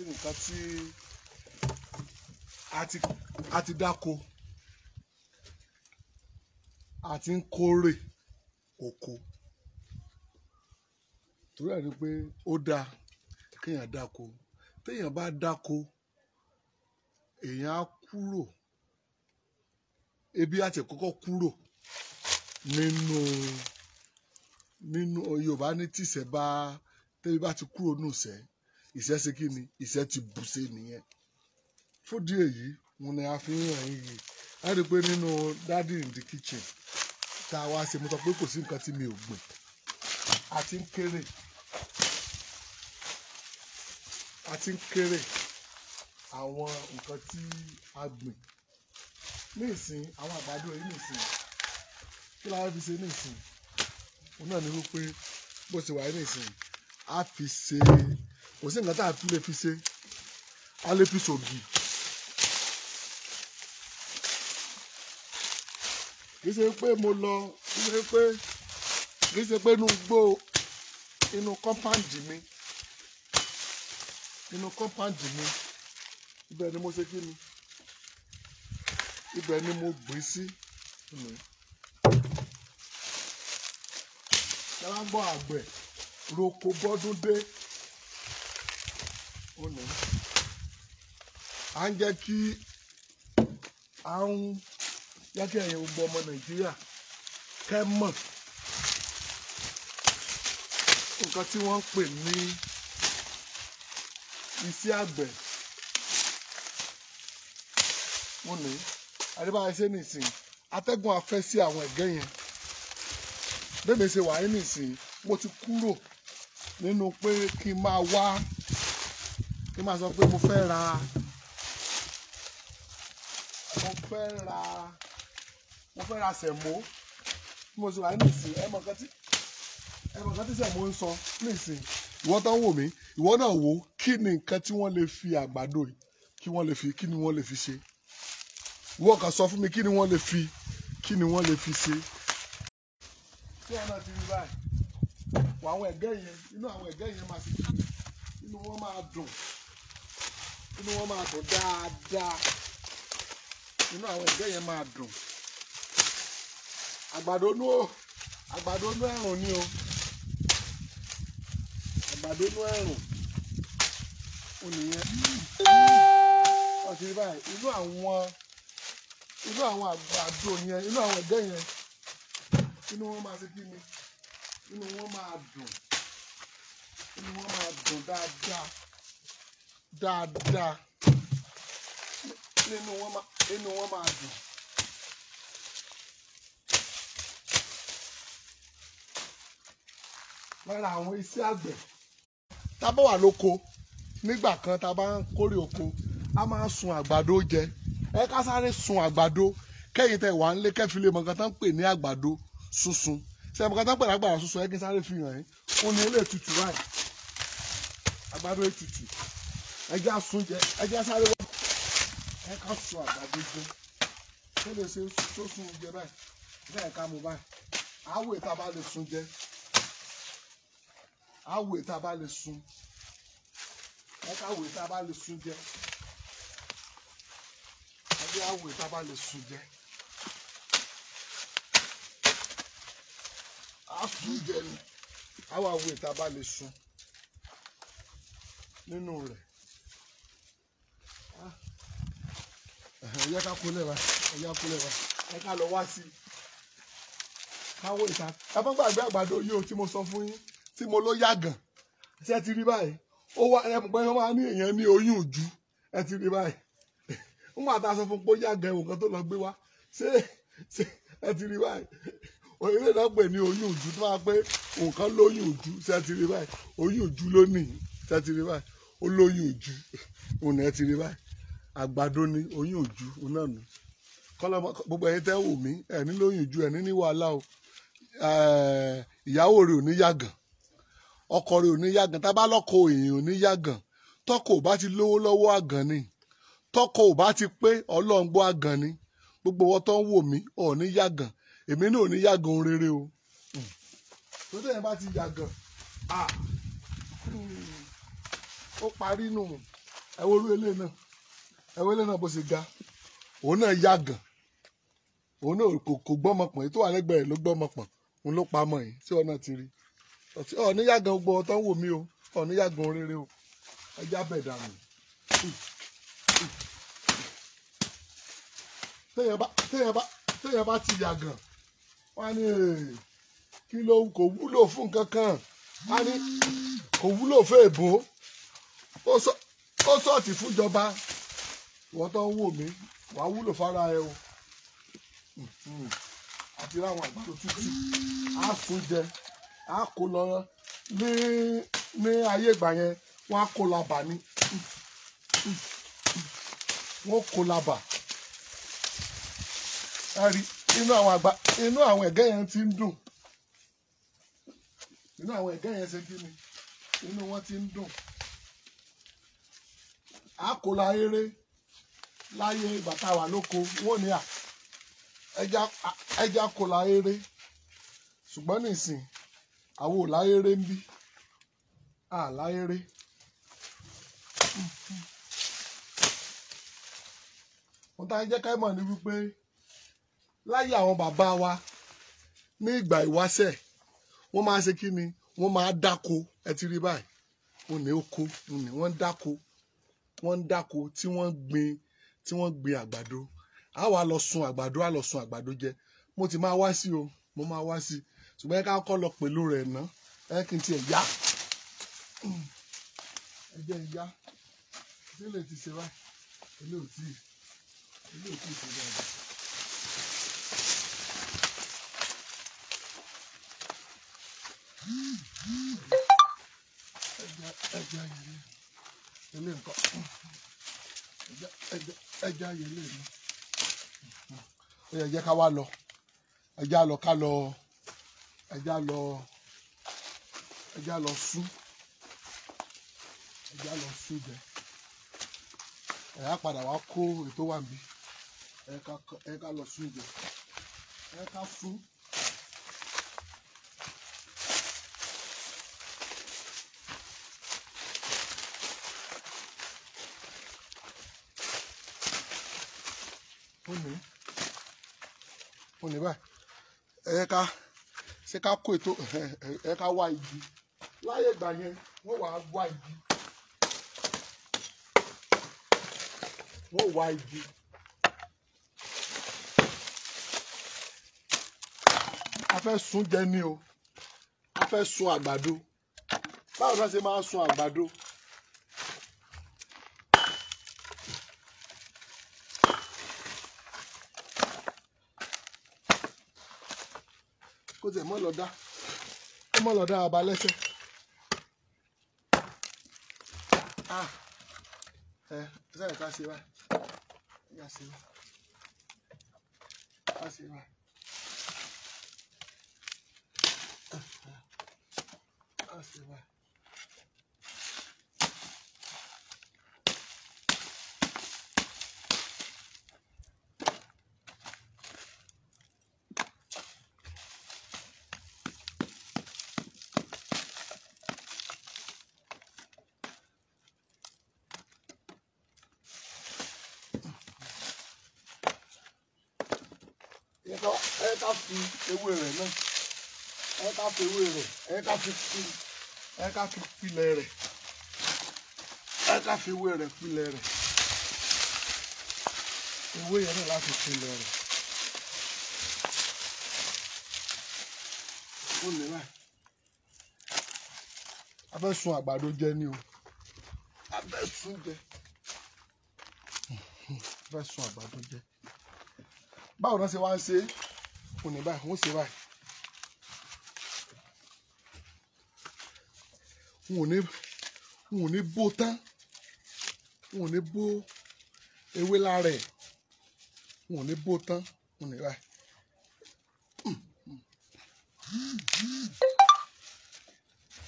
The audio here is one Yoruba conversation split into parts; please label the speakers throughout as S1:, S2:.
S1: àti nǹkan tí a ti dáko àti ń kórè oko torí ẹ̀ ni pé ó dáa kéèyàn dáko téèyàn bá dáko èèyàn á kúrò ebi àti kọ́kọ́ kúrò nínú nínú Yorùbá ní tìṣẹ́ bá tẹ́bí bá ti kúrò nù sẹ́ẹ́ iṣẹ́ ṣe kí ni iṣẹ́ ti bù ṣe nìyẹn fúdí èyí wọn ni a fi ń hàn yìí a rí i pé nínú dadi in the kitchen tá a wá ṣe mo sọ pé kò sí nǹkan tí mi ò gbìn a ti ń kéré a ti ń kéré àwọn nǹkan tí a gbìn ní ìsìn àwọn àgbàdo yìí ní ìsìn kí la fi ṣe ní ìsìn òun náà ni wípé bó ṣe wà ní ìsìn a fi ṣe. Se kò sí nǹkan tá a tún lè fi ṣe a lè fi ṣògì kì í ṣe pé mo lọ kì í ṣe pé kì í ṣe pé inú gbó inú kọ́mpáǹdì mi inú kọ́mpáǹdì mi ibẹ̀ ni mo ṣe kí ni ibẹ̀ ni mo gbìn sí. ṣé wàá àgbẹ̀ roko bọ́dún dé. à ń jẹ́ kí à ń jẹ́ kí ẹ̀yin gbogbo ọmọ nàìjíríà kẹ́ mọ̀ nǹkan tí wọ́n ń pè ní iṣẹ́ àgbẹ̀ mo ní adébáyé ṣe nìsín atẹ́gùn afẹ́ sí àwọn ẹ̀gẹ́ yẹn bẹ́ẹ̀ ṣe wà nínú ìsìn mo ti kúrò nínú pé kí n máa wá kí n máa sọ pé mo fẹ́ ra mo fẹ́ ra mo fẹ́ ra sẹ̀mó bí mo ṣe wà nínú ìsìn ẹ mọ̀ nǹkan tí ẹ mọ̀ nǹkan tí sẹ̀mó ń sọ ní ìsìn ìwọ tó ń wò mí ìwọ náà wò kí ni nǹkan tí wọ́n lè fi àgbàdo yìí kí wọ́n lè fi kí ni wọ́n lè fi ṣe ìwọ kan sọ fún mi kí ni wọ́n lè fi kí ni wọ́n lè fi ṣe. tí wọn ti rí báyìí wọ àwọn ẹ̀gẹ́ yẹn inú àwọn ẹ̀gẹ́ yẹn máa ti kí inú wọn máa dùn inú wọn máa dùn dáadáa inú àwọn ẹgbẹ́ yẹn máa dùn àgbàdo nú àgbàdo nú ẹ̀rùn ni o àgbàdo nú ẹ̀rùn ó nìyẹn wọ́n ti rí báyìí inú àwọn inú àwọn àgbàdo yẹn inú àwọn ẹgbẹ́ yẹn inú wọn máa ṣe kí ni inú wọn máa dùn inú wọn máa dùn dáadáa dáadáa nínú wọn máa inú wọn máa dùn. lára àwọn iṣẹ́ àgbẹ̀ tá a bá wà lóko nígbà kan tá a bá ń kórè oko a máa sun àgbàdo jẹ ẹ ká sáré sun àgbàdo kẹ́yìn tẹ́ wà ń lé kẹ́fì lè mọ nǹkan tán ń pè ní àgbàdo sunsun ṣe mọ nǹkan tán ń pè ní àgbàdo sunsun ẹ kí n sáré fi hàn yín fún ní ilé tutù báyìí àgbàdo ètùtù ẹ jẹ́ àsun ẹ jẹ́ sáré wọ́n ẹ ká sọ àgbàdo jẹ tó lè ṣe tó sùn jẹ báyìí bẹ́ẹ̀ ká mú báyìí àwọ̀ ètà bá lè sun jẹ àwọ̀ ètà bá lè sun ẹ ká àwọ̀ ètà bá lè sun jẹ ẹ bí àwọ̀ ètà bá lè sun jẹ. àsùn jẹ ni àwa àwọ̀ ètà bá lè sun nínú rẹ̀. ẹ yẹ ká kólẹ̀ wa ẹ yẹ ká kólẹ̀ wa ẹ ká lọ wá sí i káwó ìta ẹ fọ́n gbàgbé àgbàdo yìí o tí mo sọ fún yín tí mo ló yá gàn ṣé ẹ ti rí báyìí ó wá ẹ pẹ́ wọ́n máa ní èèyàn ní oyún ojú ẹ ti rí báyìí wọ́n máa ta sọ fún pé ó yá gàn ìwòkan tó lọ gbé wá ṣé ṣé ẹ ti rí báyìí òyìnbó náà pè ní oyún ojú tó máa pé nǹkan lóyún ojú ṣé ẹ ti rí báyìí oyún ojú lónìí ṣé ẹ ti rí báyìí ó lóyún ojú òun ẹ ti rí báyìí àgbàdo ni oyún òjú náà nù kọ́lá gbogbo ẹ̀yin tẹ́ wù mí ẹ̀ nílò oyún òjú ẹ̀ níní wàhálà o eh, ìyàwó rẹ̀ ò ní yàgàn ọkọ rẹ̀ ò ní yàgàn tá a bá lọ́kọ èèyàn ò ní yàgàn tọkọ ò bá ti lówó lọ́wọ́ àgàn ni tọkọ ò bá ti pé ọlọ́ngbọ́ àgàn ni gbogbo wọn tó ń wò mí ò ní yàgàn èmi náà ò ní yàgàn rere o hmm. tó tẹ̀ yẹn bá ti yàgàn ah, hmm, ó parí nù ẹ wo orú eléyìí náà ewélé náà bó ṣe ga òun náà yá gan òun náà kò kò gbọ́mọ pọ̀n èyí tó wà lẹ́gbẹ̀ẹ́ ló gbọ́mọ pọ̀n òun ló pamọ́ yìí tí ọ̀nà ti rí ọ̀ní yá gan gbọ́ ọ̀tọ́ ń wò mí o ọ̀ní yá gan rere o ẹja bẹ̀ dànù téèyàn bá téèyàn bá téèyàn bá ti yà gan wá ní kí ló kò wúlò fún nǹkan kan wá ní kò wúlò fún èbó ó sọ ó sọ ti fúnjọba wọ́n tó ń wò mí wàá wúlò fara ẹ o hmm. àti láwọn àgbàdo tútù á sún jẹ á kó lọ ní ní ayé ìgbà yẹn wọ́n á kó labà ni wọ́n kó labà ẹ rí inú àwọn àgbà inú àwọn ẹ̀gẹ́ yẹn ti ń dùn inú àwọn ẹ̀gẹ́ yẹn ṣe kí ni inú wọn ti ń dùn á kó la eré láyé ìgbà tá a wà lóko wọn ò ní à ẹja kò láyéré ṣùgbọ́n nísìn àwo láyéré ń bí à láyéré. wọ́n tá a jẹ́ ká mọ̀ ní wípé láyé àwọn bàbá wa ní ìgbà ìwáṣẹ̀ wọ́n máa ṣe kí ni wọ́n máa dáko ẹ ti rí báyìí wọ́n ní oko wọ́n ń dáko wọ́n dáko tí wọ́n gbin tí wọ́n gbin àgbàdo a wá lọ sun àgbàdo a lọ sun àgbàdo jẹ mo ti máa wá sí o mo máa wá sí ṣùgbọ́n ẹ ká kọ́ lọ pẹ̀lú rẹ̀ ná ẹ kí n tiẹ̀ yá ẹ jẹ́ ṣé lè ti ṣe báyìí ilé ò tí ilé ò tí ṣe dáadáa. ẹja ẹja yìí ilé nǹkan ẹja yẹlẹ mi ó yẹ jẹ́ ká wá lọ ẹja lọ ká lọ ẹja lọ ẹja lọ sú ẹja lọ sú jẹ ẹ̀yà padà wá kó ètò wà níbí ẹ̀ka lọ sú jẹ ẹ̀ka sú. ó ní ó ní báyìí ẹ ká ṣe ká kó ètò ẹ ká wá igi láyé ìgbà yẹn wọ́n wàá wá igi wọ́n wá igi. a fẹ́ sun jẹ ni o a fẹ́ sun àgbàdo báwo ni wọ́n ṣe máa sun àgbàdo kó tẹ̀ mọ́ lọ ah, kó mọ́ lọ dá ọba lẹ́sẹ̀ ah, ẹ sẹ́yìn ká ṣe báyìí ká ṣe báyìí ká ṣe báyìí. Ah, ká ṣe báyìí. tán ẹ ká fi ewé rẹ̀ náà ẹ ká fi ewé rẹ̀ ẹ ká fi pi ẹ ká fi pilẹ̀ rẹ̀ ẹ ká fi ewé rẹ̀ pilẹ̀ rẹ̀ ewé yẹn náà láti pilẹ̀ rẹ̀ ó lè láì a sun àgbàdo jẹ ni o a sun jẹ a sun àgbàdo jẹ báwo náà ṣe wá ń ṣe òní báyìí wọ́n ṣe báyìí wọn ò ní wọn ò ní bó tán wọn ò ní bó ewé lára ẹ̀ wọn ò ní bó tán wọn ní báyìí.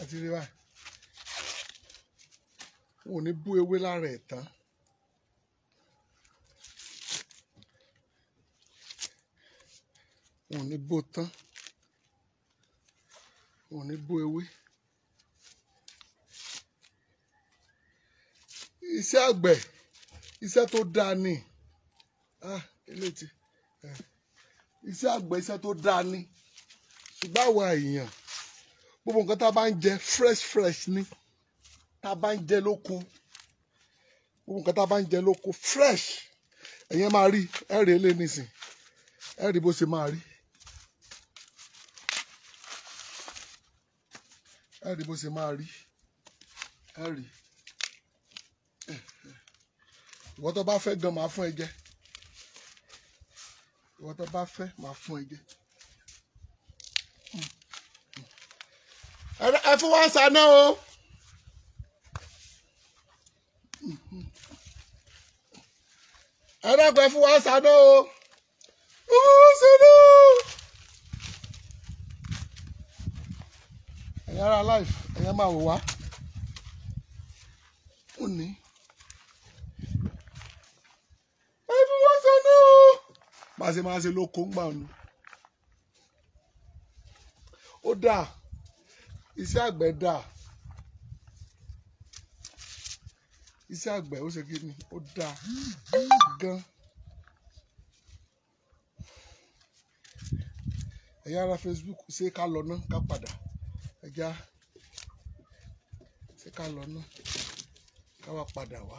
S1: àti rí báyìí wọn ò ní bó ewé lára ẹ̀ tán. wọn ò ní bó tán wọn ò ní bó ewé. iṣẹ́ àgbẹ̀ iṣẹ́ tó dáa ni ah, eh, iṣẹ́ àgbẹ̀ iṣẹ́ tó dáa ni ṣùgbọ́n àwa èèyàn gbogbo nǹkan tá a bá ń jẹ fresh fresh ni tá a bá ń jẹ lóko gbogbo nǹkan tá a bá ń jẹ lóko fresh ẹ̀yẹn máa rí ẹ̀rì eléyìí nìsín ẹ̀rì bó ṣe máa rí. ẹ rí bó ṣe máa rí ẹ rí ìwọ tó bá fẹ́ gan máa fún ẹ jẹ ìwọ tó bá fẹ́ máa fún ẹ jẹ ẹ fún wa ń o. ẹ dákun fún wa ń o. ẹ̀yin ará life ẹ̀yin máa wò wá òní. ẹ fi wá sọnù máa ṣe máa ṣe ló kó ń gbà nù. ó dáa iṣẹ́ àgbẹ̀ dáa iṣẹ́ àgbẹ̀ ó ṣe kí ni ó dáa gan. ẹ̀yin ará Facebook ṣé ká lọ ná ká padà ẹja tí ká lọ náà ká wá padà wá.